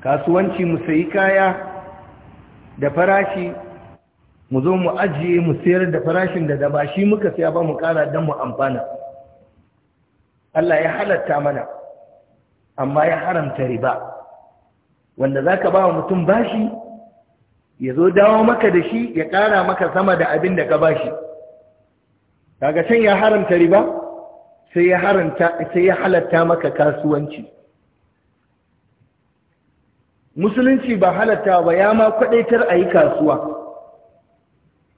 kasuwanci mu sayi kaya da farashi mu zo mu ajiye mu sayar da farashin da ba shi muka saya ba mu kara don mu amfana Allah ya halatta mana amma ya haramta riba wanda za ka ba wa mutum bashi ya zo dawo maka da shi ya ƙara maka sama da abin da ka bashi kaga can ya haramta riba sai ya halatta maka kasuwanci musulunci ba halatta ba ya ma kwadaitar a yi kasuwa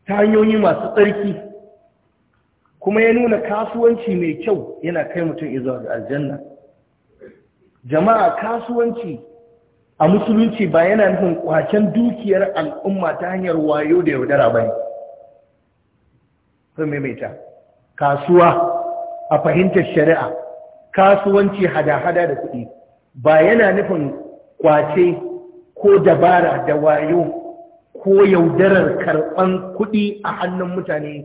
ta hanyoyi masu tsarki kuma ya nuna kasuwanci mai kyau yana kai mutum izuwa ga aljanna jama'a kasuwanci a musulunci ba yana nufin kwacen dukiyar al'umma ta hanyar wayo da yaudara ba ne maimaita kasuwa a fahimtar shari'a kasuwanci hada-hada da kuɗi ba yana nufin kwace ko dabara da wayo ko yaudarar karɓan kuɗi a hannun mutane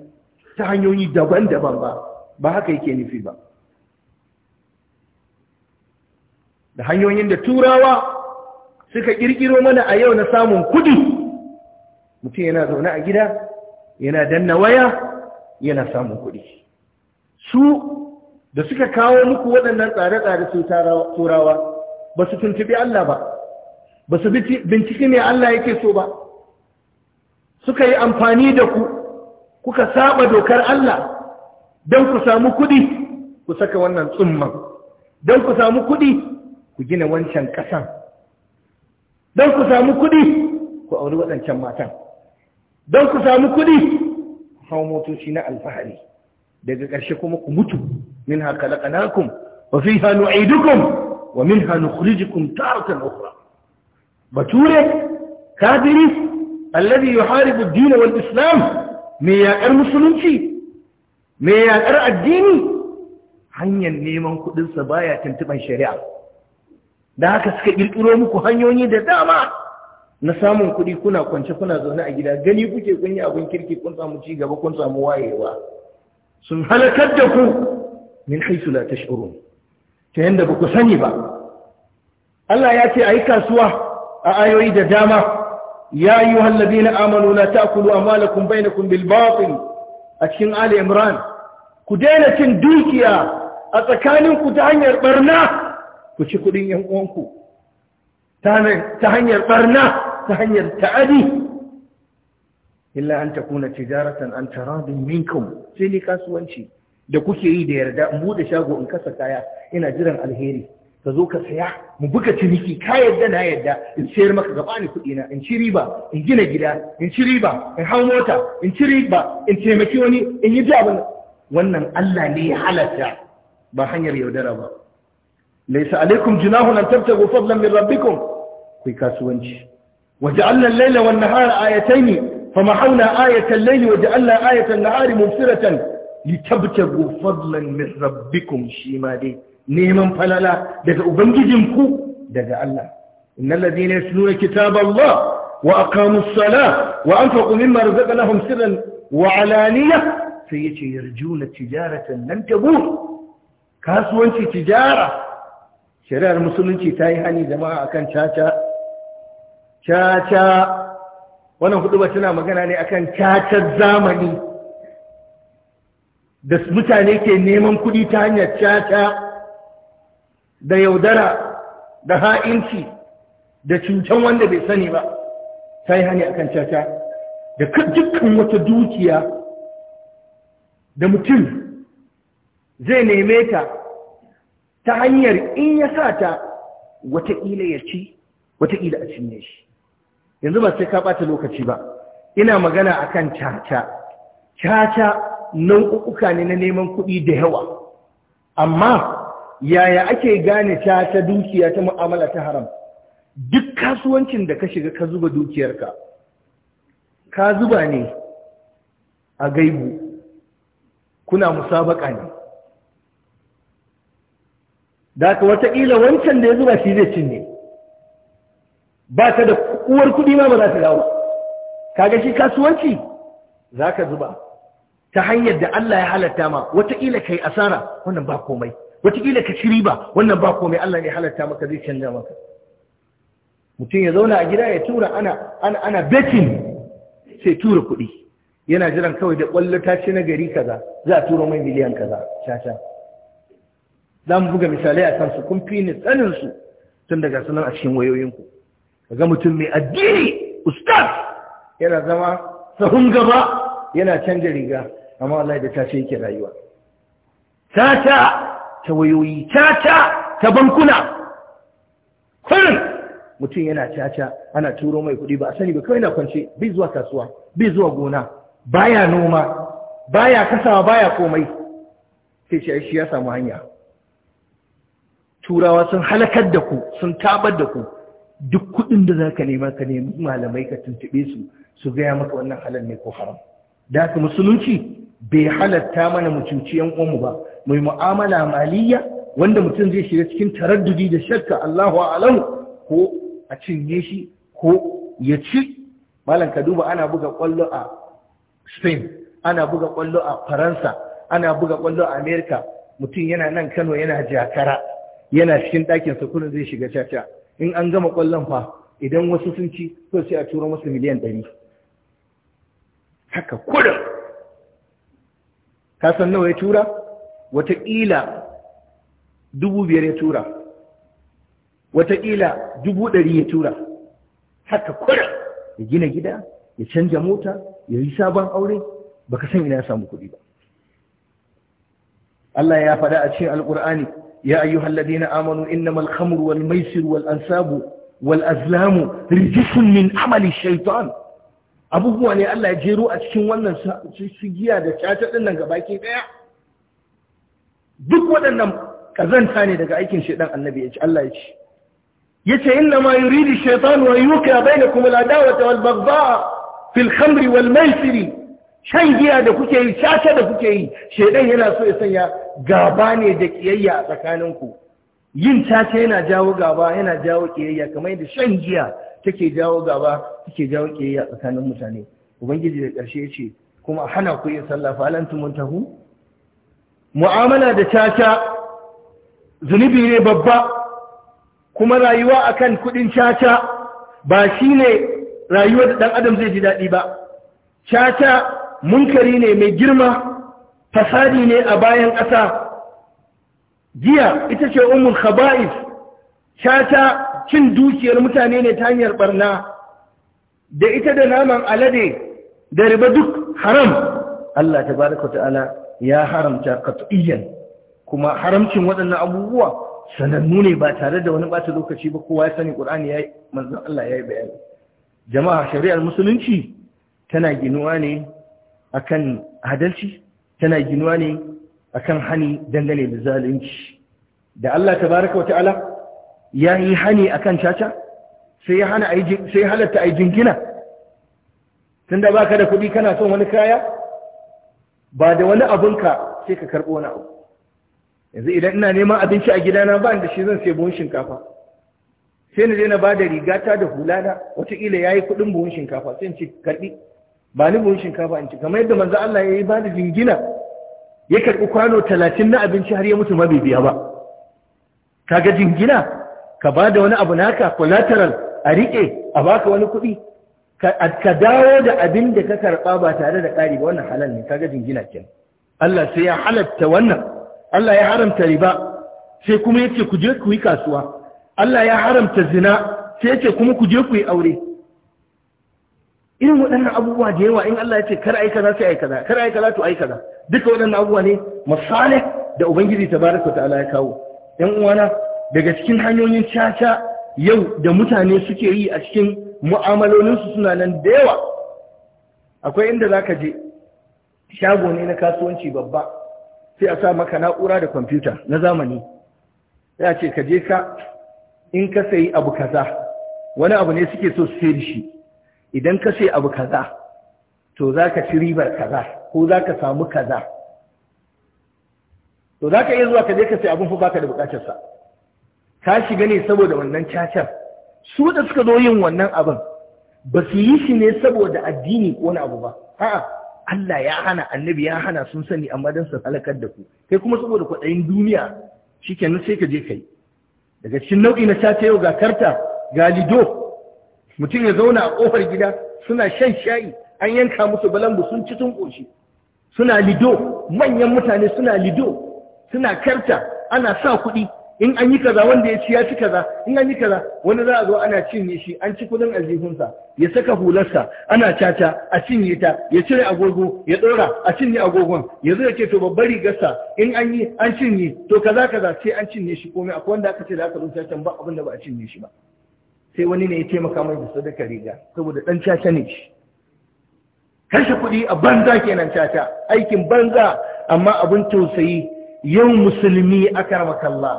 ta hanyoyi daban-daban ba ba haka yake nufi ba da hanyoyin da turawa suka ƙirƙiro mana a yau na samun kuɗi mutum yana zaune a gida yana danna waya yana samun kuɗi su da suka kawo muku waɗannan tsare-tsare su turawa ba su tuntubi Allah ba ba su binciki ne Allah yake so ba suka yi amfani da ku kuka saba dokar Allah don ku samu kudi ku saka wannan tsumman don ku samu kudi ku gina wancan kasan don ku samu kudi ku auri waɗancan matan don ku samu kudi ku hau motoci na alfahari daga ƙarshe kuma ku mutu min haka laƙanakun wa fi hannu aidukun ومنها نخرجكم تارة أخرى بطولك كادري الذي يحارب الدين والإسلام ميا المسلمشي ميا أرأى الديني هنيا نيمان كدن سبايا تنتبان شريعة داك سكي الأرومكو هنيوني دا داما نسامون كدي كنا كون شفنا زونا أجلا غني بوجه غني أبو انكركي كون سامو جيغا وكون سامو وايه وا سنحلكتكو من حيث لا تشعرون ta yadda ba ku sani ba Allah ya ce a yi kasuwa a ayoyi da dama ya yi wallabi na amanu na takulu a malakun bainakun bilbatin a cikin ali imran ku daina cin dukiya a tsakaninku ta hanyar barna ku ci kudin yan uwanku ta hanyar barna ta hanyar ta'adi illa an takuna tijaratan an taradin minkum sai ni kasuwanci da kuke yi da yarda in bude shago in kasa kaya ina jiran alheri ka zo ka saya mu buga ciniki ka yarda na yarda in sayar maka gaba ni kuɗi na in ci riba in gina gida in ci riba in hau mota in ci riba in taimaki wani in yi abin wannan Allah ne ya halatta ba hanyar yaudara ba laysa alaikum junahun an tabtagu fadlan min rabbikum ku kasuwanci وجعلنا الليل والنهار آيتين فمحونا آية الليل وجعلنا آية النهار مبصرة litabtagu fadlan min rabbikum shi ma dai neman falala daga ubangijinku daga Allah innal ladina yasluna kitaballah wa aqamus salah wa anfaqu mimma razaqnahum sirran wa alaniyah sai yace yarjuna tijaratan lan tabur kasuwanci tijara shari'ar musulunci ta yi hani jama'a akan caca caca wannan hudu ba tana magana ne akan cacar zamani da mutane ke neman kuɗi ta hanyar caca da yaudara da ha'inci da cincin wanda bai sani ba ta yi hanyar akan caca da dukkan wata dukiya da mutum zai neme ta ta hanyar in ya sa ta wataƙila ya ci wataƙila a cinye shi yanzu ba sai ka ɓata lokaci ba ina magana akan caca caca nau'uka ne na neman kuɗi da yawa amma yaya ake gane ta ta dukiya ta mu'amala ta haram duk kasuwancin da ka shiga ka zuba dukiyarka ka zuba ne a gaibu kuna musabaka ne daga wataƙila wancan da ya zuba shi zai cinye ba ta da uwar kuɗi ma ba za ta dawo kaga shi kasuwanci za ka zuba ta hanyar da Allah ya halatta ma wataƙila yi asara wannan ba komai wataƙila ka ci riba wannan ba komai Allah ne halatta maka zai canza maka mutum ya zauna a gida ya tura ana ana ana betting sai tura kuɗi yana jiran kawai da ƙwallo ta ci na gari kaza za a tura mai miliyan kaza caca za mu buga misalai a kansu kun fi ni tsanin su tun daga sunan a cikin wayoyinku ga mutum mai addini ustaz yana zama sahun gaba yana canja riga amma wallahi da tace yake rayuwa tata ta wayoyi tata ta bankuna kullum mutum yana caca ana turo mai kuɗi ba a sani ba kawai na kwance bai zuwa kasuwa bai zuwa gona baya noma baya kasawa baya komai sai shi shi ya samu hanya turawa sun halakar da ku sun tabar da ku duk kuɗin da zaka nema ka nemi malamai ka tuntube su su gaya maka wannan halal ne ko haram da musulunci bai halatta mana mu cuci yan uwanmu ba Mai mu'amala maliyya wanda mutum zai shiga cikin taraddudi da shakka Allahu a'lam ko a cinye shi ko ya ci malam ka duba ana buga kwallo a Spain ana buga kwallo a Faransa ana buga kwallo a America mutum yana nan Kano yana jakara yana cikin ɗakin sakunan zai shiga caca in an gama kwallon fa idan wasu sun ci to sai a turo musu miliyan ɗari haka kudin ka san nawa ya tura wataƙila dubu biyar ya tura wataƙila dubu ɗari ya tura haka kwara ya gina gida ya canja mota ya yi sabon aure baka san ina ya samu kuɗi ba Allah ya faɗa a cikin alƙur'ani ya ayyuhal na amanu innama khamru wal maisir wal ansabu wal azlamu rijsun min amali shaitan abubuwa ne Allah ya jero a cikin wannan sigiya da caca ɗin nan ke ɗaya duk waɗannan ƙazanta ne daga aikin shaidan annabi ya ce Allah ya ce ya ce inna ma yuridi shaitan wa yuka ya al-adawata wal baghdha fil khamri wal maisiri shan giya da kuke yi caca da kuke yi shaidan yana so ya sanya gaba ne da ƙiyayya a tsakaninku yin caca yana jawo gaba yana jawo ƙiyayya kamar yadda shan giya take jawo gaba take jawo kiyayya tsakanin mutane ubangiji da ƙarshe ya ce kuma hana ku yin sallah fa lan tumuntahu mu'amala da caca zunubi ne babba kuma rayuwa akan kudin caca ba shine rayuwar da dan adam zai ji daɗi ba caca munkari ne mai girma fasadi ne a bayan ƙasa giya ita ce ummul khaba'is shata cin dukiyar mutane ne ta hanyar barna da ita da naman alade da riba duk haram Allah ta baraka ta'ala ya haramta qat'iyyan kuma haramcin waɗannan abubuwa sanannu ne ba tare da wani bata lokaci ba kowa ya sani Qur'ani yayi manzon Allah yayi bayani jama'a shari'ar musulunci tana ginuwa ne akan adalci tana ginuwa ne akan hani dangane da zalunci da Allah tabaraka wa ta'ala ya yi hani a kan caca sai ya halatta a yi jingina tun da ba ka da kuɗi kana son wani kaya ba da wani abinka sai ka karɓo wani abu yanzu idan ina neman abinci a gidana ba da shi zan sai buhun shinkafa sai na je na ba da rigata da hulana watakila ya yi kuɗin buhun shinkafa sai in ci karɓi ba ni buhun shinkafa in ci kamar yadda manzo Allah ya yi ba da jingina ya karɓi kwano talatin na abinci har ya mutu mabibiya ba kaga jingina ka ba da wani abu naka collateral a riƙe a baka wani kuɗi ka dawo da abin da ka karɓa ba tare da ƙari ba wannan halal ne kaga jingina ke Allah sai ya halatta wannan Allah ya haramta riba sai kuma yace ku je ku yi kasuwa Allah ya haramta zina sai yace kuma ku je ku yi aure irin waɗannan abubuwa da yawa in Allah ya ce kar ai kaza sai ai kaza kar ai kaza to ai kaza duka waɗannan abubuwa ne masalih da ubangiji tabaraka ta'ala ya kawo yan uwana daga cikin hanyoyin caca yau da mutane suke yi a cikin mu'amalolinsu suna nan da yawa akwai inda za ka je shago ne na kasuwanci babba sai a sa maka na'ura da kwamfuta na zamani ya ce ka je ka in ka sayi abu kaza wani abu ne suke so su sayar shi idan ka sayi abu kaza to za ka ci ribar kaza ko za ka samu kaza to za ka iya zuwa ka je ka sayi abin fi baka da bukatarsa ka shiga ne saboda wannan cacar su da suka zo yin wannan abin ba su yi shi ne saboda addini ko wani abu ba a'a Allah ya hana annabi ya hana sun sani amma dan su halakar da ku kai kuma saboda kwaɗayin duniya shikenan sai ka je kai daga cikin nau'i na caca yau ga karta ga lido mutum ya zauna a kofar gida suna shan shayi an yanka musu balambu sun ci sun ƙoshi suna lido manyan mutane suna lido suna karta ana sa kuɗi in an yi kaza wanda ya ci ya ci kaza in an yi kaza wani za a zo ana cinye shi an ci kudin aljihunsa ya saka hularsa ana caca a cinye ta ya cire agogo ya dora a cinye agogon ya zo ya ce to babbar rigarsa in an yi an cinye to kaza kaza sai an cinye shi komai akwai wanda aka ce da aka rubuta can ba abin da ba a cinye shi ba sai wani ne ya taimaka mai da sadaka riga saboda dan caca ne shi kashe kuɗi a banza kenan caca aikin banza amma abin tausayi yau musulmi aka kalla.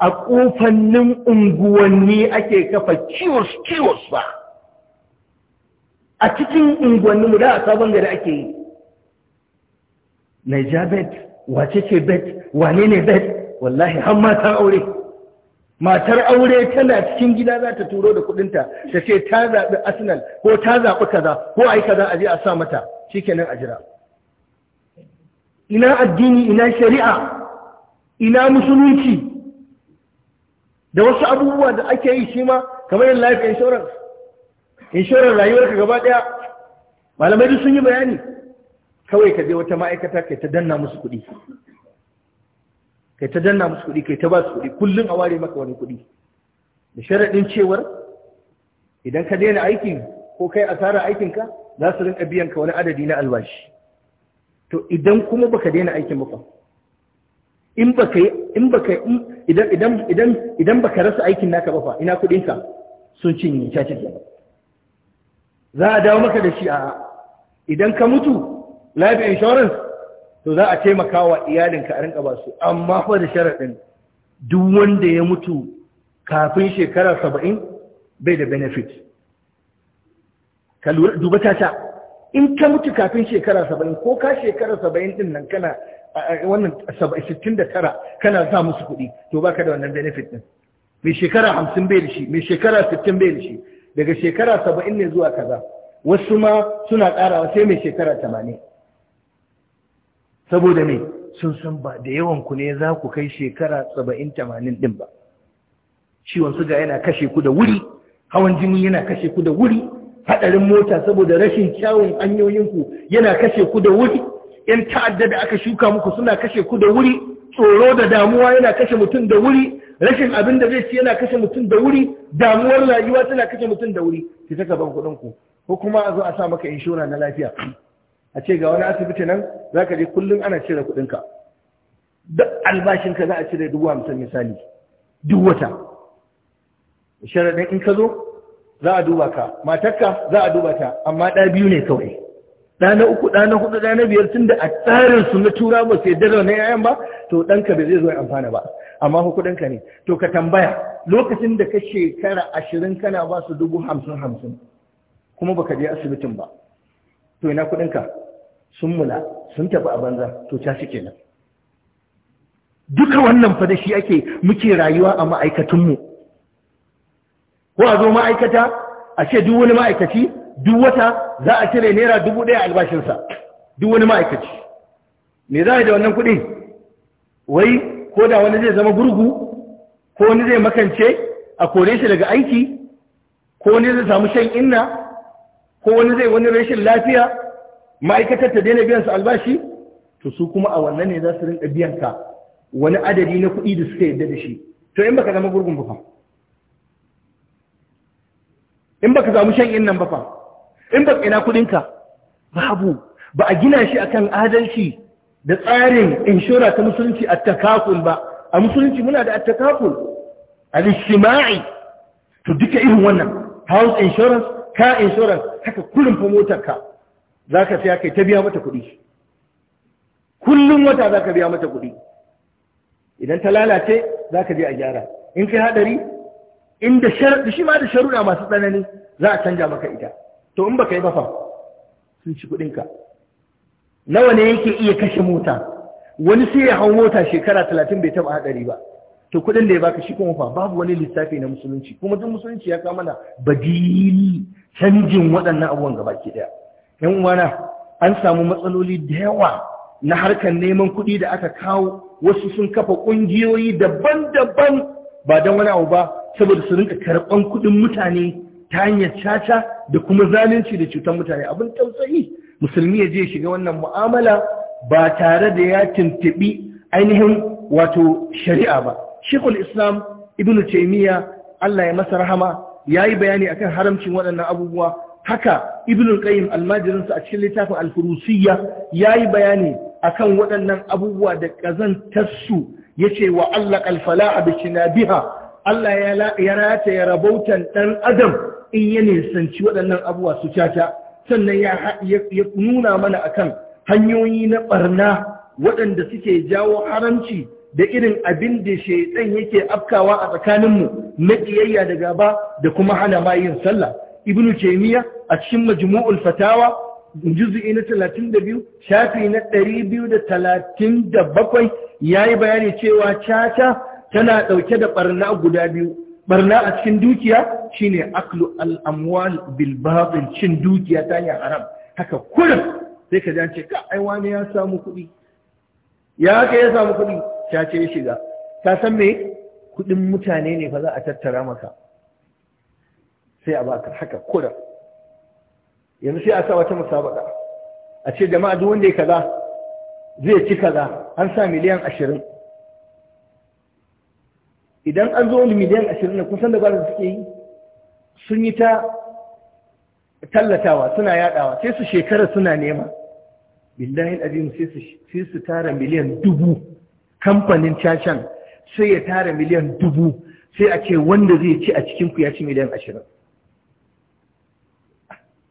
a kofannin unguwanni ake kafa kiwos kiwos ba a cikin unguwanni mu da a sabon gari ake yi naija bet wace ce bet wane ne bet wallahi har matar aure matar aure tana cikin gida za ta turo da kudinta ta ce ta zaɓi arsenal ko ta zaɓi kaza ko yi kaza a je a sa mata shikenan a jira ina addini ina shari'a ina musulunci da wasu abubuwa da ake yi shi ma kamar yin life insurance insurance rayuwarka gaba ɗaya malamai duk sun yi bayani kawai ka je wata ma'aikata kai ta danna musu kuɗi kai ta danna musu kuɗi kai ta ba su kuɗi kullum a ware maka wani kuɗi da sharaɗin cewar idan ka daina aiki ko kai asara aikinka za su rinka biyan ka wani adadi na albashi to idan kuma baka daina aikin ba in baka yi in baka idan idan idan idan baka rasa aikin naka ba fa ina kudin ka sun cinye caci ba za a dawo maka da shi a idan ka mutu life insurance to za a taimaka wa iyalinka a rinka ba su amma fa da sharaɗin duk wanda ya mutu kafin shekara saba'in bai da benefit Ka duba ta in ka mutu kafin shekara saba'in ko ka shekara saba'in din nan kana wannan 69 kana sa musu kuɗi to baka da wannan benefit din mai shekara 50 bai da shi mai shekara 60 bai da shi daga shekara 70 ne zuwa kaza wasu ma suna ƙarawa sai mai shekara 80 saboda me sun san ba da yawan ku ne za ku kai shekara 70 80 din ba ciwon suga yana kashe ku da wuri hawan jini yana kashe ku da wuri hadarin mota saboda rashin kyawun hanyoyinku yana kashe ku da wuri yan ta'adda da aka shuka muku suna kashe ku da wuri tsoro da damuwa yana kashe mutum da wuri rashin abin da zai ci yana kashe mutum da wuri damuwar rayuwa tana kashe mutum da wuri ki saka ban kuɗin ku ko kuma a zo a sa maka inshora na lafiya a ce ga wani asibiti nan za ka je kullum ana cire kuɗinka duk albashin ka za a cire dubu hamsin misali duk wata sharaɗin in ka zo za a duba ka matarka za a duba ta amma ɗa biyu ne kawai na uku ɗana hudu na biyar tun da a tsarin su na tura ba sai yadda na yayan ba to ɗanka bai zai zo ya amfana ba amma ku ka ne to ka tambaya lokacin da ka shekara ashirin kana ba su dubu hamsin hamsin kuma baka je asibitin ba to ina kuɗinka sun mula sun tafi a banza to ta shi kenan duka wannan fa da shi ake muke rayuwa a ma'aikatunmu ko a zo ma'aikata a ce duk wani ma'aikaci duk wata za a cire naira dubu ɗaya albashinsa duk wani ma'aikaci me za a yi da wannan kuɗi wai ko da wani zai zama gurgu ko wani zai makance a kore shi daga aiki ko wani zai samu shan inna ko wani zai wani rashin lafiya ma'aikatar ta daina biyan su albashi to su kuma a wannan ne za su rinka biyan ka wani adadi na kuɗi da suka yadda da shi to in baka zama gurgun ba fa in baka samu shan innan ba fa in ba ina kudinka babu ba a gina shi akan adalci da tsarin inshora ta musulunci a takakul ba a musulunci muna da a al alishima'i to duka irin wannan house insurance ka insurance haka kullum fa motarka zaka sai kai ta biya mata kuɗi kullum wata zaka biya mata kuɗi idan ta lalace zaka je a gyara in kai hadari inda shi ma da sharuɗa masu tsanani za a canja maka ita to in baka yi ba fa sun ci kuɗinka nawa ne yake iya kashe mota wani sai ya hau mota shekara talatin bai taɓa haɗari ba to kuɗin da ya baka shi kuma fa babu wani lissafi na musulunci kuma duk musulunci ya kama na badili canjin waɗannan abubuwan gaba ke ɗaya yan uwana an samu matsaloli da yawa na harkar neman kuɗi da aka kawo wasu sun kafa ƙungiyoyi daban-daban ba don wani abu ba saboda su rinka karɓan kuɗin mutane ta hanyar caca da kuma zalunci da cutar mutane abin tausayi musulmi ya je shiga wannan mu'amala ba tare da ya tuntubi ainihin wato shari'a ba shekul islam ibnu taimiyya allah ya masa rahama ya yi bayani akan haramcin waɗannan abubuwa haka ibnu qayyim almajirinsu a cikin littafin alfurusiyya ya yi bayani akan waɗannan abubuwa da ƙazantarsu ya ce wa allah kalfala a bikin biha allah ya rata ya rabautan ɗan adam in ya nisanci waɗannan abuwa su caca sannan ya nuna mana akan hanyoyi na ɓarna waɗanda suke jawo haramci da irin abin da shaitan yake afkawa a tsakaninmu na ƙiyayya da gaba da kuma hana ma yin sallah ibnu taymiya a cikin majmu'ul fatawa juz'i na 32 shafi na 237 yayi bayani cewa caca tana ɗauke da ɓarna guda biyu barna a cikin dukiya shine aklu al-amwal bil batil cin dukiya ta hanyar haram haka kurin sai ka jance ka ai wani ya samu kuɗi ya ka ya samu kuɗi ta ce ya shiga ka san me kuɗin mutane ne fa za a tattara maka sai a baka haka kurin yanzu sai a sa wata musabaka a ce jama'a duk wanda ya kaza zai ci kaza an sa miliyan ashirin idan an zo miliyan ashirin kun san da da suke yi sun yi ta tallatawa suna yadawa sai su shekara suna nema billahi azim sai su tara miliyan dubu kamfanin cacan sai ya tara miliyan dubu sai a ce wanda zai ci a cikin ku ya ci miliyan ashirin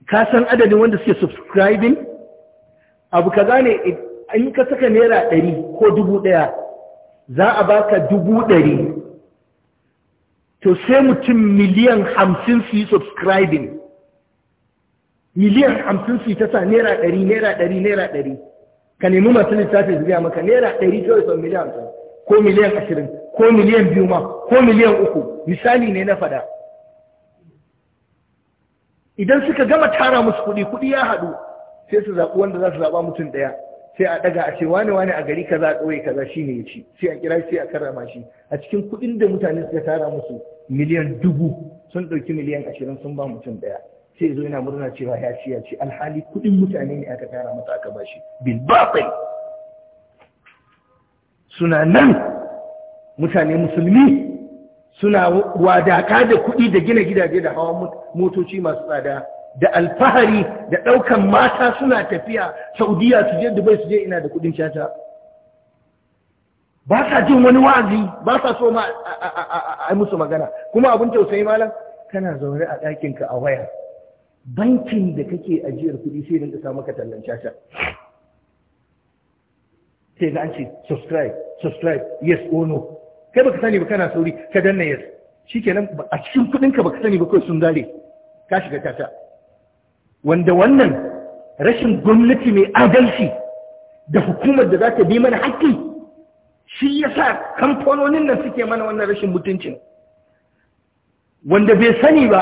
ka san adadin wanda suke subscribing abu kaza ne in ka saka naira ɗari ko dubu ɗaya za a baka dubu ɗari to sai mutum miliyan hamsin su yi subscribing miliyan hamsin su yi ta sa naira ɗari naira ɗari naira ɗari ka nemi masu littafi su biya maka naira ɗari kawai sau miliyan hamsin ko miliyan ashirin ko miliyan biyu ma ko miliyan uku misali ne na faɗa idan suka gama tara musu kuɗi kuɗi ya haɗu sai su zaɓi wanda za su zaɓa mutum ɗaya sai a ɗaga a ce wane wane a gari kaza ƙauye kaza shi ne ya ci sai a kira sai a karrama shi a cikin kuɗin da mutane suka tara musu miliyan dubu sun ɗauki miliyan ashirin sun ba mutum ɗaya sai zo yana murna cewa ya ci ya alhali kuɗin mutane ne aka tara masa aka bashi bil batil suna nan mutane musulmi suna wadaka da kuɗi da gina gidaje da hawa motoci masu tsada da alfahari da ɗaukan mata suna tafiya saudiya su je dubai su je ina da kuɗin shata ba sa jin wani wa'azi ba sa so ma a musu magana kuma abin tausayi malam kana zaune a ɗakinka a waya bankin da kake ajiyar kuɗi sai rinka sa maka tallan caca sai ga an ce subscribe subscribe yes or no kai baka sani ba kana sauri ka danna yes shikenan a cikin kuɗinka baka sani ba kai sun zare ka shiga caca wanda wannan rashin gwamnati mai adalci da hukumar da za ta bi mana haƙƙi shi ya sa kamfanonin nan suke mana wannan rashin mutuncin wanda bai sani ba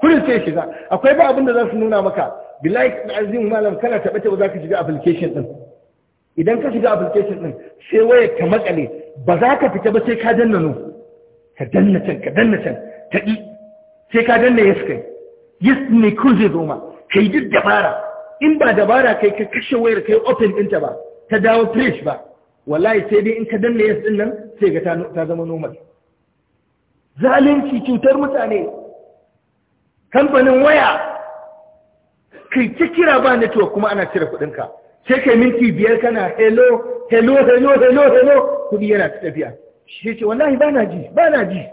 kudin sai shiga akwai ba abin da za su nuna maka na arzikin malam kana taɓa ba za ka shiga application ɗin idan ka shiga application din, sai waya ka makale ba za ka fita ba sai ka danna no ka danna can ka danna can ta ɗi sai ka danna yes kai yes ne ko zai zo ma ka yi duk dabara in ba dabara kai ka kashe wayar ka yi open ɗinta ba ta dawo fresh ba wallahi sai dai in ka danna yes din nan sai ga ta zama normal zalunci cutar mutane kamfanin waya kai ki kira ba network kuma ana cire kuɗinka sai kai minti biyar kana hello hello hello hello hello kuɗi yana ta tafiya shi ce wallahi ba na ji ba na ji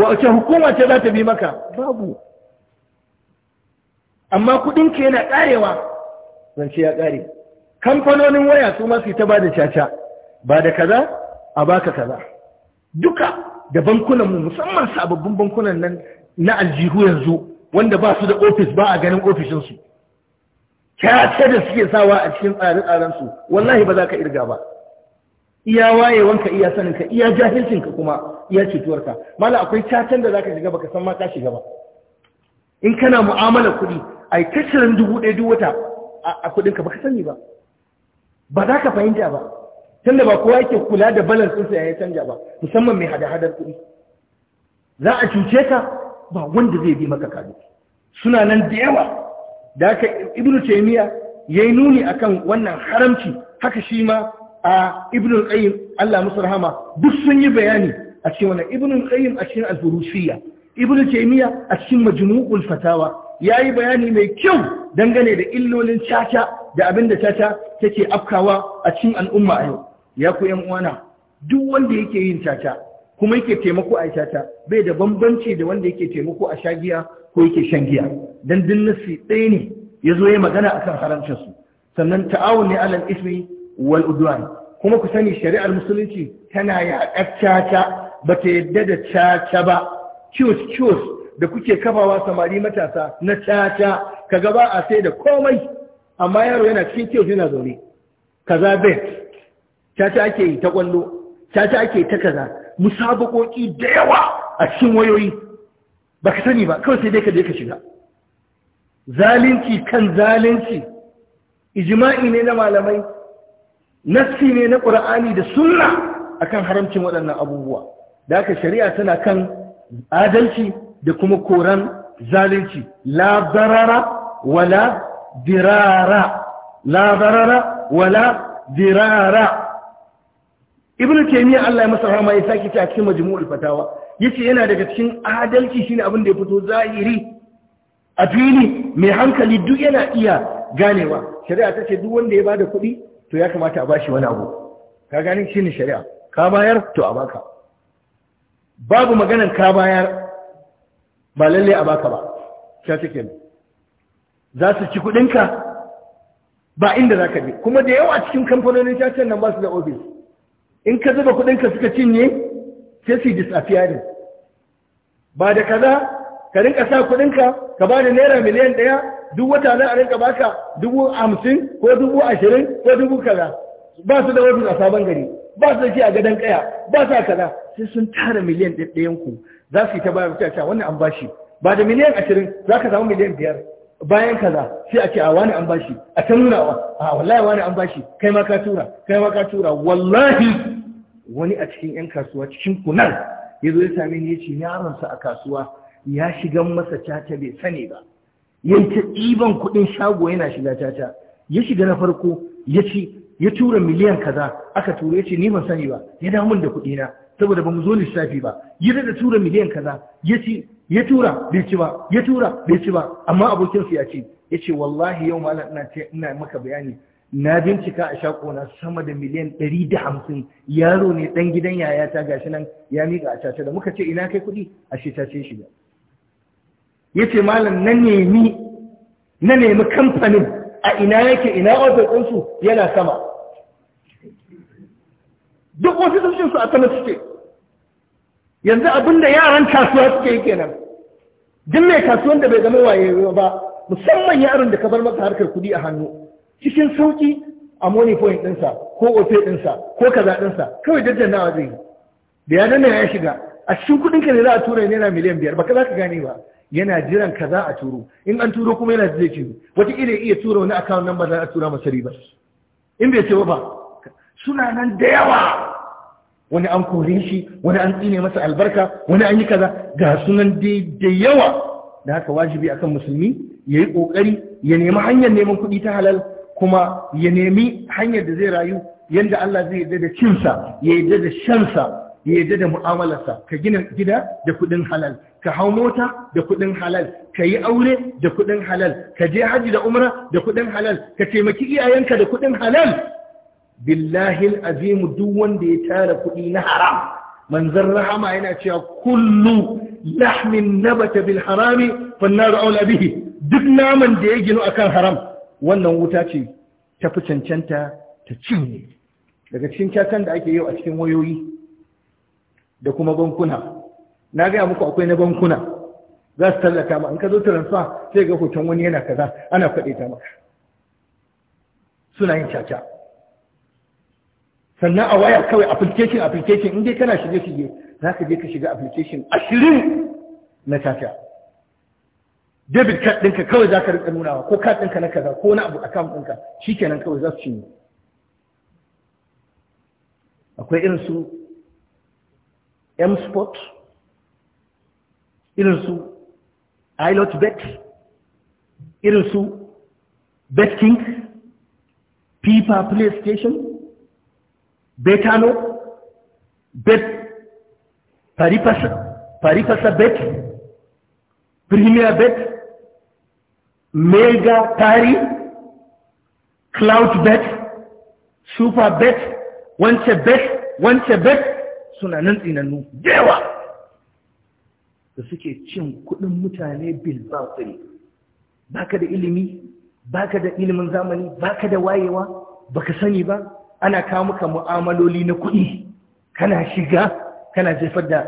wace hukuma ce za ta bi maka babu amma ka yana ƙarewa ce ya ƙare kamfanonin waya su masu ta ba da caca ba da kaza a baka kaza duka da bankunanmu musamman sababbin bankunan nan na aljihu yanzu wanda ba su da ofis ba a ganin ofishinsu caca da suke sawa a cikin tsare-tsarensu wallahi ba za ka irga ba iya wayewanka iya saninka iya jahilcinka kuma iya cutuwarka mana akwai cacan da za ka shiga baka san ma ka shiga ba in kana mu'amala kuɗi ai kashirin dubu ɗaya duk wata a kuɗinka baka sani ba ba za ka fahimta ba Tanda ba kowa yake kula da balance ɗinsa ya canja ba musamman mai hada-hadar kuɗi za a cuce ka ba wanda zai bi maka suna nan da yawa da aka ibnu taymiya yayi nuni akan wannan haramci haka shi ma a ibnu qayyim Allah musu rahama duk sun yi bayani a cikin wannan ibnu qayyim a cikin al-furusiyya ibnu taymiya a cikin majmu'ul fatawa yayi bayani mai kyau dangane da illolin caca da abin da tata take afkawa a cikin al'umma a yau ya ku yan uwana duk wanda yake yin tata kuma yake taimako a tata bai da bambanci da wanda yake taimako a shagiya ko yake shan giya dan dinnasi ɗaya ne ya zo ya magana akan haramcin su sannan ta'awun ne alal ismi wal udwan kuma ku sani shari'ar musulunci tana yaƙar caca ba ta yadda da caca ba cius cius da kuke kafawa samari matasa na caca Ka gaba a sai da komai amma yaro yana cikin kyau yana zaune kaza bet caca ake yi ta kwallo caca ake ta kaza musabakoki da yawa a cikin wayoyi ba ka sani ba kawai sai dai ka je ka shiga zalunci kan zalunci ijma'i ne na malamai nassi ne na qur'ani da sunna akan haramcin waɗannan abubuwa da haka shari'a tana kan adalci da kuma koran zalunci la darara wala dirara لا ضرر wala dirara ابن تيميه Allah ya masa rahama ya saki ta cikin majmu'ul fatawa yace yana daga cikin adalci shine abin da ya fito zahiri a fili mai hankali duk yana iya ganewa shari'a ta ce duk wanda ya bada kuɗi to ya kamata a bashi wani abu ka gani shine shari'a ka bayar to a baka babu maganan ka bayar ba lalle a baka ba take za su ci kuɗinka ba inda za ka bi kuma da yawa cikin kamfanonin cacen nan ba su da obis. in ka zuba kuɗinka suka cinye sai su yi disappearing ba da kaza ka rinka sa kuɗinka ka ba da naira miliyan ɗaya duk wata za a rinka baka dubu hamsin ko dubu ashirin ko dubu kaza ba su da obis a sabon gari ba su da shi a gadon kaya ba sa kaza sai sun tara miliyan ɗayan ku za su yi ta bayar cewa wannan an bashi ba da miliyan ashirin za ka samu miliyan biyar bayan kaza sai a ce a wani an bashi a ta wa a wallahi wani an bashi kai ma ka tura kai ma ka tura wallahi wani a cikin yan kasuwa cikin kunan ya zo ya sami ni ya ce yaronsa a kasuwa ya shiga masa caca bai sani ba ya ta ɗiban kuɗin shago yana shiga caca ya shiga na farko ya ci ya tura miliyan kaza aka tura ya ce ni ban sani ba ya damun da kuɗi na. saboda ba mu zo lissafi ba yi da tura miliyan kaza ya ci ya tura bai ci ba ya tura bai ci ba amma abokinsu ya ce ya ce wallahi yau malam ina ce ina maka bayani na bincika a shakona sama da miliyan ɗari da hamsin yaro ne ɗan gidan yayata gashi nan ya miƙa a caca da muka ce ina kai kuɗi a shi tace shi ba ya ce malam na nemi na nemi kamfanin a ina yake ina ofis ɗinsu yana sama duk wasu sun su a sama suke yanzu abin da yaran kasuwa suke yi kenan duk mai kasuwan da bai zama waye ba musamman yaron da ka bar masa harkar kuɗi a hannu cikin sauƙi a money point ɗinsa ko ofe ɗinsa ko kaza ɗinsa kawai jajjanawa zai yi da ya nana ya shiga a cikin kuɗin ka ne za a tura naira miliyan biyar baka za ka gane ba yana jiran kaza a turo in an turo kuma yana zai ciro wataƙila iya tura wani akawun nan za a tura masa riba in bai ce ba suna nan da yawa wani an kore shi wani an tsine masa albarka wani an yi kaza ga sunan da yawa da haka wajibi akan musulmi ya yi ƙoƙari ya nemi hanyar neman kuɗi ta halal kuma ya nemi hanyar da zai rayu yadda Allah zai yarda da cinsa ya yarda da shansa ya yarda da mu'amalarsa ka gina gida da kuɗin halal ka hau mota da kuɗin halal ka yi aure da kuɗin halal ka je hajji da umra da kuɗin halal ka taimaki iyayenka da kuɗin halal billahi azim duk wanda ya tara kuɗi na haram manzon rahama yana cewa kullu lahmin nabata bil harami fannar aula bihi duk naman da ya ginu akan haram wannan wuta ce ta fi cancanta ta cinye daga cikin cakan da ake yau a cikin wayoyi da kuma bankuna na gaya muku akwai na bankuna za su tallata ma in ka zo transfer sai ga hoton wani yana kaza ana faɗe ta maka suna yin caca sannan a waya kawai application application in dai kana shige shige za ka je ka shiga application ashirin na tafiya. debit card ɗinka kawai za ka rika nunawa ko card ɗinka na kaza ko na abu account ɗinka nan kawai za su cinye akwai irin su m sport irin su ilot bet irin su bet king pipa playstation betano bet farifasa bet primia bet mega tari cloud bet super bet wance bet wance bet suna nan tsinannu yawa da suke cin kudin mutane bilbatsiri ba ka da ilimi baka da ilimin zamani baka da wayewa baka sani ba ana kawo maka mu'amaloli na kuɗi kana shiga kana jefar da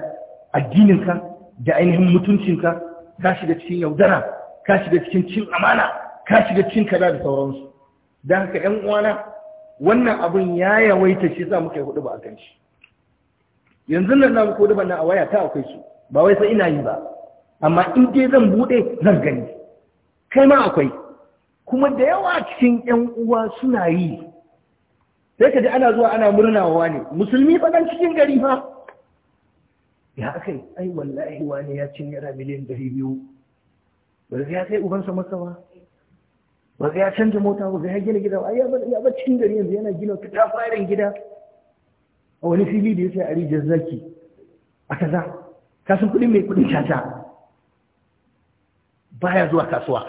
addininka da ainihin mutuncinka ka shiga cikin yaudara ka shiga cikin cin amana ka shiga cikin kaza da sauransu don haka ‘yan uwana wannan abin ya yawaita shi za mu kai hudu ba a kan yanzu nan na muku hudu ba na a waya ta akwai su ba wai sai ina yi ba amma in dai zan buɗe zan gani kai ma akwai kuma da yawa cikin ‘yan uwa suna yi sai ka ji ana zuwa ana murnawa ne musulmi faɗan cikin gari fa ya aka yi ai wallahi wani ya ci naira miliyan ɗari biyu ba ya sai ubansa masa ba ba ya canza mota ba ya gina gida ai ya ba cikin gari yanzu yana gina ta farin gida a wani fili da ya sai a rijiyar zaki a kaza kasan kudin mai kuɗin shata baya zuwa kasuwa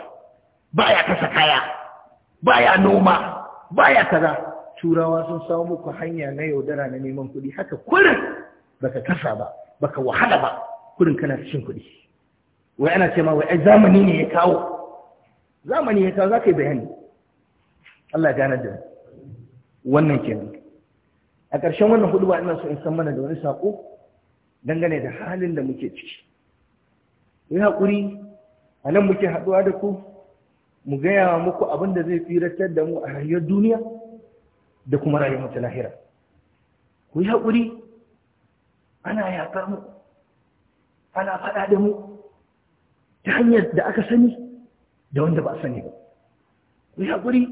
baya kasa kaya baya noma baya kaza turawa sun samu muku hanya na yaudara na neman kuɗi haka kurin baka kasa ba baka wahala ba kurin kana cikin kuɗi wai ana ce ma wai ai zamani ne ya kawo zamani ya kawo za ka yi bayani Allah gane da wannan kenan a ƙarshen wannan hudu ba ina so in san mana da wani saƙo dangane da halin da muke ciki yi haƙuri a nan muke haɗuwa da ku mu gaya muku abin da zai tsiratar da mu a rayuwar duniya da kuma rayuwar ta lahira ku yi haƙuri ana yaƙar mu ana faɗa da mu ta hanyar da aka sani da wanda ba a sani ba ku yi haƙuri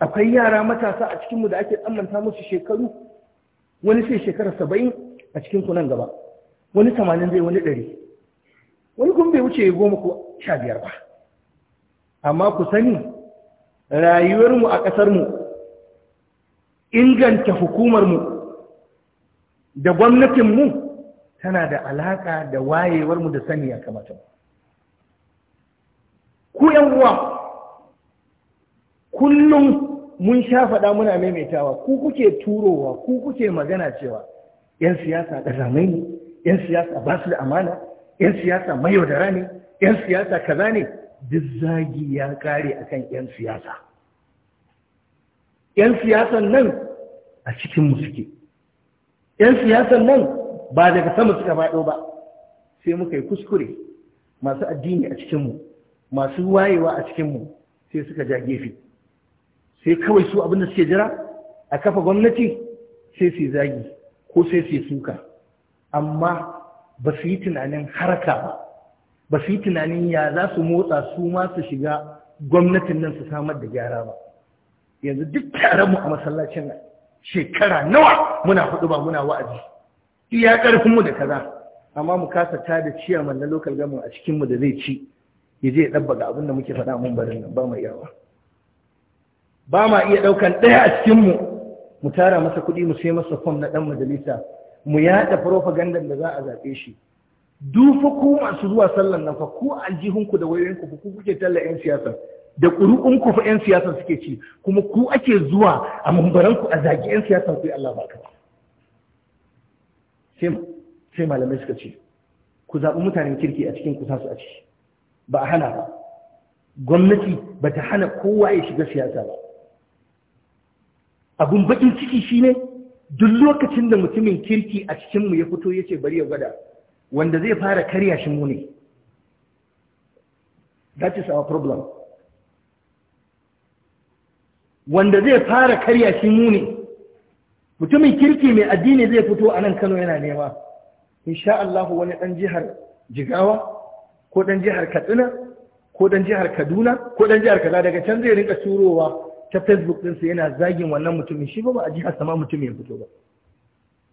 akwai yara matasa a cikinmu da ake tsammanta musu shekaru wani sai shekara saba'in a cikin nan gaba wani tamanin zai wani ɗari wani kuma bai wuce goma ko sha biyar ba amma ku sani rayuwarmu a ƙasarmu inganta hukumarmu da gwamnatinmu tana da alaƙa da wayewarmu da sani ya kamata ku uwa kullum mun sha faɗa muna maimaitawa ku kuke turowa ku kuke magana cewa 'yan siyasa ƙazamai ne 'yan siyasa ba su da amana 'yan siyasa mayaudara ne 'yan siyasa kaza ne duk zagi ya kare akan 'yan siyasa 'yan siyasan nan a cikinmu suke ‘yan siyasan nan ba daga sama suka faɗo ba sai muka yi kuskure masu addini a cikinmu masu wayewa a cikinmu sai suka ja gefe sai kawai su abin da suke jira a kafa gwamnati sai su zagi ko sai su suka amma ba su yi tunanin haraka ba ba su yi tunanin ya za su motsa su ma su shiga gwamnatin nan su samar da gyara ba yanzu duk taron mu a masallacin nan shekara nawa muna hudu ba muna wa'azi iya mu da kaza amma mu kasa ta da ciyaman na lokal gamin a cikinmu da zai ci ya je ya ɗabba ga abin da muke faɗa mun barin nan ba mai yawa ba ma iya ɗaukan ɗaya a cikinmu mu tara masa kuɗi mu sai masa fom na ɗan majalisa mu yaɗa farofagandar da za a zaɓe shi dufa ku masu zuwa sallan nan fa ku aljihunku da wayoyinku ku kuke talla 'yan siyasa da ƙuri'un ku fa 'yan siyasa suke ci kuma ku ake zuwa a mambaran ku a zagi 'yan siyasa ku yi Allah ba ka sai malamai suka ce ku zaɓi mutanen kirki a cikin kusa su a ci, ba a hana ba gwamnati ba ta hana kowa ya shiga siyasa ba abun bakin ciki shine duk lokacin da mutumin kirki a cikinmu ya fito ya ce bari ya gwada wanda zai fara karya shi mu ne that is our problem wanda zai fara karya shi mu ne mutumin kirki mai addini zai fito a nan Kano yana nema insha Allah wani dan jihar Jigawa ko dan jihar Katsina ko dan jihar Kaduna ko dan jihar kaza daga can zai rinka turowa ta Facebook din sa yana zagin wannan mutumin shi ba ba a jihar sama mutumin ya fito ba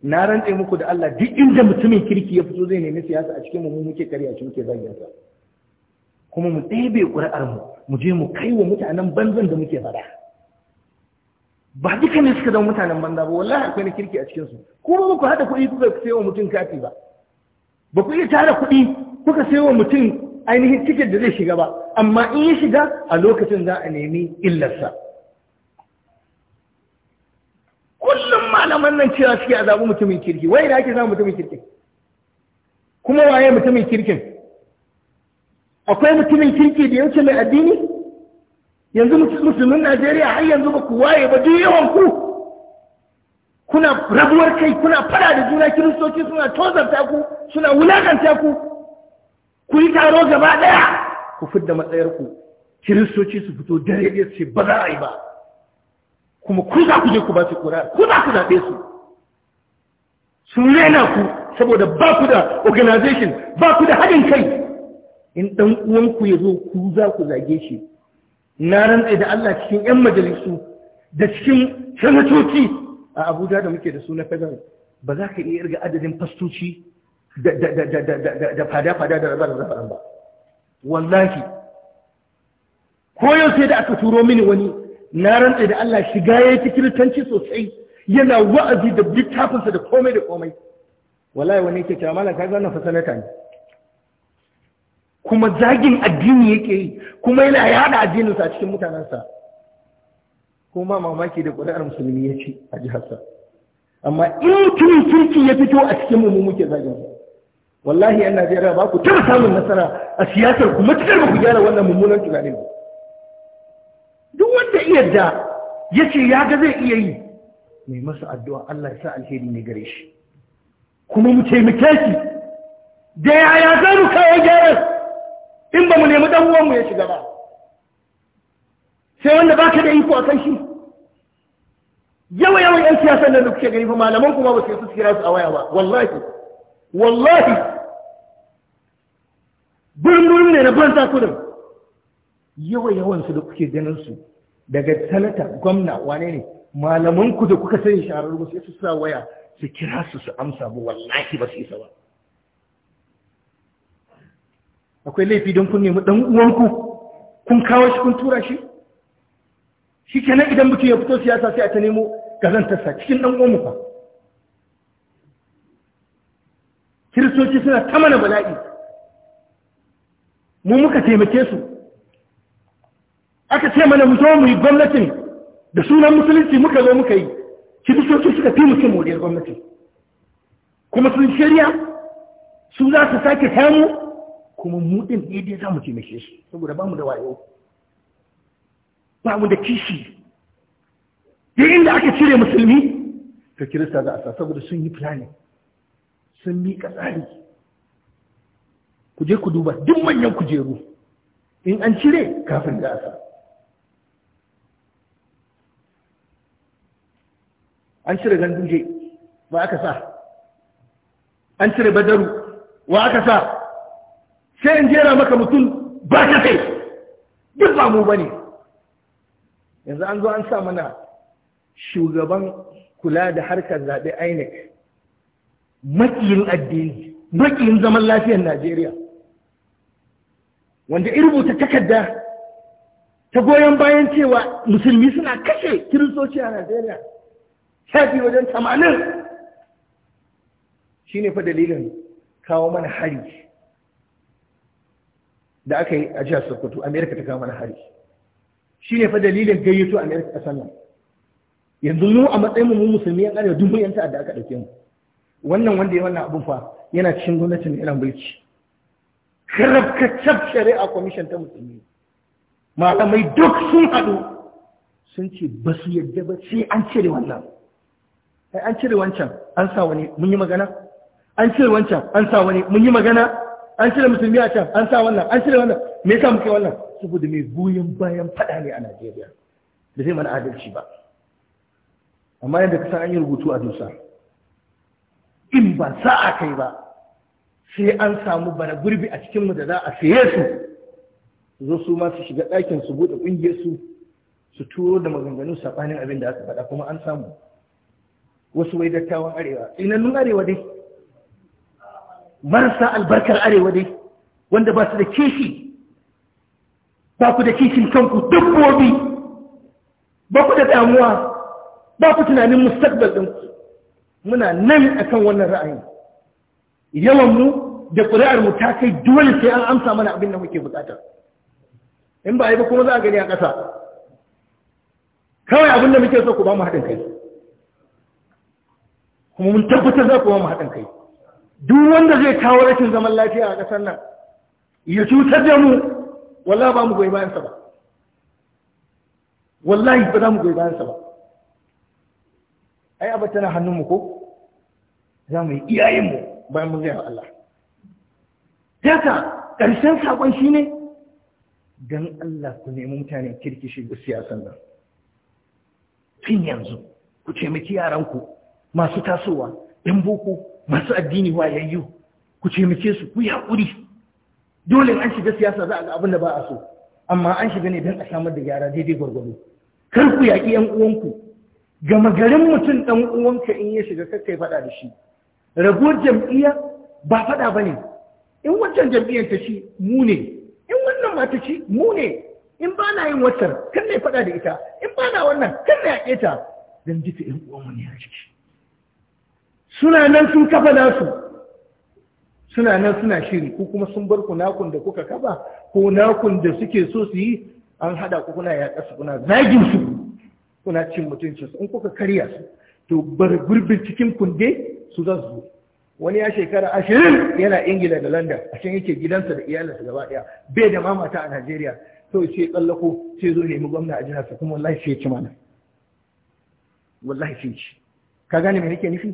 na rantse muku da Allah duk inda mutumin kirki ya fito zai nemi siyasa a cikin mu muke karya shi muke zagin sa kuma mu ɗebe ƙuri'ar mu mu je mu kai wa mutanen banzan da muke fada ba duka ne suka zama mutanen banza ba wallahi akwai na kirki a cikinsu kuma ba ku hada kuɗi kuka sayo mutum kati ba ba ku iya tara kuɗi kuka sayo mutum ainihin tiket da zai shiga ba amma in ya shiga a lokacin za a nemi illarsa kullum malaman nan cewa suke a zaɓi mutumin kirki wai da ake zama mutumin kirkin kuma waye mutumin kirkin akwai mutumin kirki da ya mai addini yanzu musulmin najeriya har yanzu ba ku waye ba duk yawan ku kuna rabuwar kai kuna fada da juna kiristoci suna tozarta ku suna wulakanta ku ku yi taro gaba daya ku fidda matsayar ku kiristoci su fito dare ne su ce ba za a yi ba kuma ku za ku je ku ba su kura ku za ku zaɓe su sun rena ku saboda ba ku da organization ba ku da haɗin kai in ɗan uwanku ya zo ku za ku zage shi na rantsa da Allah cikin 'yan majalisu da cikin sanatoci a abuja da muke da su na federal ba za ka iya irga adadin fastoci da fada-fada da rabar-rabar ba wallahi ko sai da aka turo mini wani na rantsa da Allah shiga ya yi kiristanci sosai yana wa'azi da littafinsa da komai da komai wallahi wani yake cewa malaka zan na fasanata ne kuma zagin addini yake yi kuma yana yada addininsa a cikin mutanensa kuma mamaki da ƙuri'ar musulmi ya ce a sa. amma in mutumin kirki ya fito a cikin mu muke zagin wallahi yan najeriya ba ku tara samun nasara a siyasar ku matuƙar ba ku gyara wannan mummunan tunanin duk wanda iya da ya ya ga zai iya yi mai masa addu'a allah ya sa alheri ne gare shi kuma mu taimake shi da yaya za mu kawo shi in ba mu nemi dan mu ya shiga ba sai wanda baka da iko a kan shi yawa yawan yan siyasan da kuke gani fa malaman kuma ba su yi su kira su a waya ba wallahi wallahi burin ne na banza kudin yawa yawan su da kuke ganin su daga talata gwamna wane ne malaman ku da kuka sani shahararru ba su sa waya su kira su su amsa ba wallahi ba su isa ba akwai laifi don kun nemi ɗan uwanku kun kawo shi kun tura shi shi kenan idan mutum ya fito siyasa sai a ta nemo gazantarsa cikin ɗan uwanmu fa kiristoci suna ta mana bala'i mu muka taimake su aka ce mana mu zo mu yi gwamnatin da sunan musulunci muka zo muka yi kiristoci suka fi mutum moriyar gwamnatin kuma sun shirya su za su sake samu kuma mu din daidai za mu taimake shi saboda ba mu da wayo ba mu da kishi duk inda aka cire musulmi ka kirista za a sa saboda sun yi planning sun miƙa tsari ku je ku duba duk manyan kujeru in an cire kafin da asa an cire ganduje ba aka sa an cire badaru wa aka sa sai in jera maka mutum ba ka sai duk ba mu bane yanzu an zo an sa mana shugaban kula da harkar zaɓe INEC makiyin addini makiyin zaman lafiyar Najeriya wanda irubuta takarda ta goyon bayan cewa musulmi suna kashe kiristoci a Najeriya shafi wajen tamanin shi ne fa dalilin kawo mana hari da aka yi a jihar sokoto amerika ta kama na hari shi ne fa dalilin gayyato amerika ƙasar nan yanzu mu a matsayin mu musulmi yan arewa dubu yan da aka dauke mu wannan wanda ya wannan abun fa yana cikin gwamnatin yana mulki karabkacab shari'a kwamishin ta musulmi malamai duk sun hadu, sun ce ba su yadda ba sai an cire wannan an cire wancan an sa wani mun yi magana an cire wancan an sa wani mun yi magana an cire musulmi a can an sa wannan an cire wannan me yasa muke wannan saboda mai goyon bayan fada ne a Najeriya da zai mana adalci ba amma yadda ka san an yi rubutu a dusa in ba a kai ba sai an samu bara gurbi a cikin mu da za a saye su zo su ma su shiga ɗakin su buɗe ƙungiyar su su turo da maganganu saɓanin abin da aka faɗa kuma an samu wasu wai dattawan arewa nun arewa dai marasa albarkar arewa dai wanda ba su da kishi ba ku da kishin kanku gobi ba ku da damuwa ba ku tunanin mustaqbal ɗinku muna nan akan wannan ra'ayin yawanmu da ƙuri'armu ta kai dole sai an amsa mana abin da muke bukata in ba yi ba kuma za a gani a ƙasa kawai abin da muke so ku ba mu haɗin kai kuma mun tabbatar za ku ba mu haɗin kai duk wanda zai kawo rashin zaman lafiya a ƙasar nan ya cutar da mu wallah ba mu goyi bayansa ba wallahi ba za mu goyi bayansa ba ai abu tana hannunmu ko za mu yi iyayenmu bayan mun gaya Allah haka ƙarshen saƙon shi ne don Allah ku nemi mutane kirki shi da siyasan nan tun yanzu ku taimaki yaranku masu tasowa yan boko masu addini wayayyo, ku cemice su ku yi haƙuri dole an shiga siyasa za a ga abin da ba a so amma an shiga ne don a samar da gyara daidai gwargwado kar ku yaƙi yan uwanku gama garin mutum ɗan uwanka in ya shiga kakkai faɗa da shi raguwar jam'iyya ba faɗa ba ne in wancan jam'iyyar ta ci mu ne in wannan ma ta ci mu ne in ba na yin wancan, kan ne faɗa da ita in ba na wannan kan na yaƙe ta don jita ‘yan uwanmu ne a ciki suna nan sun kafa nasu suna nan suna shiri ko kuma sun bar ku nakun da kuka kafa ko nakun da suke so su yi an hada ku kuna yaƙa su kuna zagin su kuna cin mutuncin su in kuka karya su to bar gurbin cikin kunde su za su wani ya shekara ashirin yana ingila da london a can yake gidansa da iyalinsa gaba daya bai da mamata a najeriya kawai sai tsallako sai zo nemi gwamna a jihar sa kuma wallahi sai ci mana wallahi sai ci ka gane me nake nufi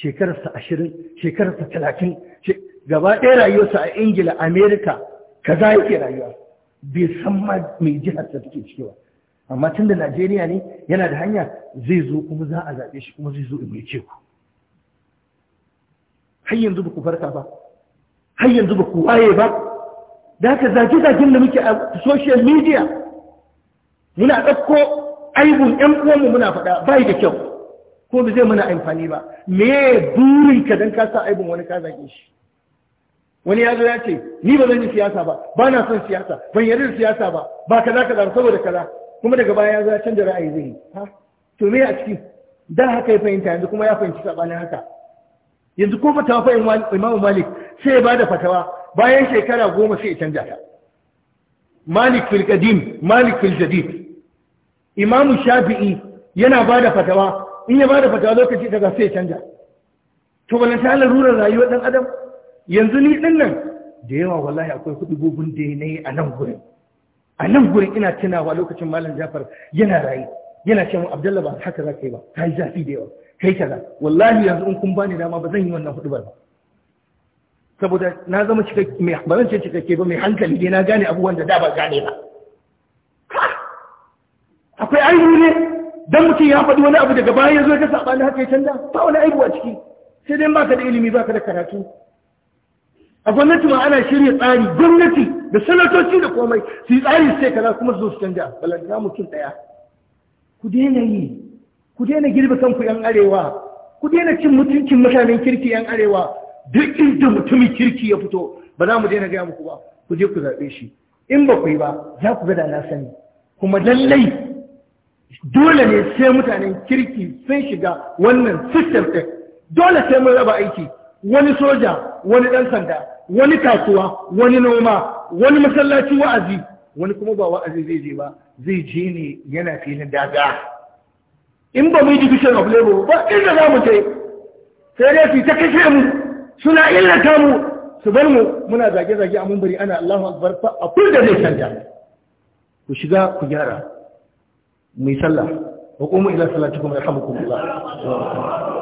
shekararsa ashirin shekararsa talatin gaba ɗaya rayuwarsa a ingila amerika za yake rayuwa bai san ma mai jihar ta take ciki ba amma tun da najeriya ne yana da hanya zai zo kuma za a zaɓe shi kuma zai zo in ce ku har yanzu ba ku farka ba har yanzu ba ku waye ba da haka zage-zagen da muke a social media muna ɗauko aibun 'yan uwanmu muna faɗa bai da kyau ko ba zai mana amfani ba me burin ka dan ka sa aibin wani ka zage shi wani ya zo ya ce ni ba zan yi siyasa ba ba na son siyasa ban yarda da siyasa ba ba kaza kaza saboda kaza kuma daga baya ya zo ya canza ra'ayi zai ha to me a ciki da haka ya fahimta yanzu kuma ya fahimci sabanin haka yanzu ko fatawa fa imamu malik sai ya bada fatawa bayan shekara goma sai ya canja ta malik fil qadim malik fil jadid imamu shafi'i yana bada fatawa in ya ba da fata lokaci daga sai canja to wani ta larurar rayuwar dan adam yanzu ni din nan da yawa wallahi akwai kudi gugun da na yi a nan gurin a nan gurin ina tunawa lokacin malam jafar yana rayu yana mu abdullahi ba haka za ka yi ba Ta yi zafi da yawa kai kaza wallahi yanzu in kun bani dama ba zan yi wannan hudu ba saboda na zama cikakke mai ba ce cikakke ba mai hankali dai na gane abubuwan da da ba gane ba akwai ayyuri ne dan mutum ya faɗi wani abu daga baya zo ka saba ni haka ya canza ba wani aibu a ciki sai dai baka da ilimi baka da karatu a gwamnati ma ana shirya tsari gwamnati da sanatoci da komai su yi tsari sai kaza kuma su canza balanta mutum ɗaya ku daina yi ku daina girbe kanku yan arewa ku daina cin mutuncin mutanen kirki yan arewa duk inda mutumin kirki ya fito ba za mu daina gaya muku ba ku je ku zaɓe shi in ba ku yi ba za ku ga da na sani kuma lallai dole ne sai mutanen kirki sun shiga wannan system ɗin dole sai mun raba aiki wani soja wani ɗan sanda wani kasuwa wani noma wani masallaci wa'azi wani kuma ba wa'azi zai je ba zai je ne yana filin daga in ba mu yi division of labor ba inda za mu je sai dai su ta kashe mu suna illata mu su bar mu muna zage-zage a mumbari ana Allahu akbar fa a da zai canja ku shiga ku gyara mai sallah wa kuma ila salatikum Allah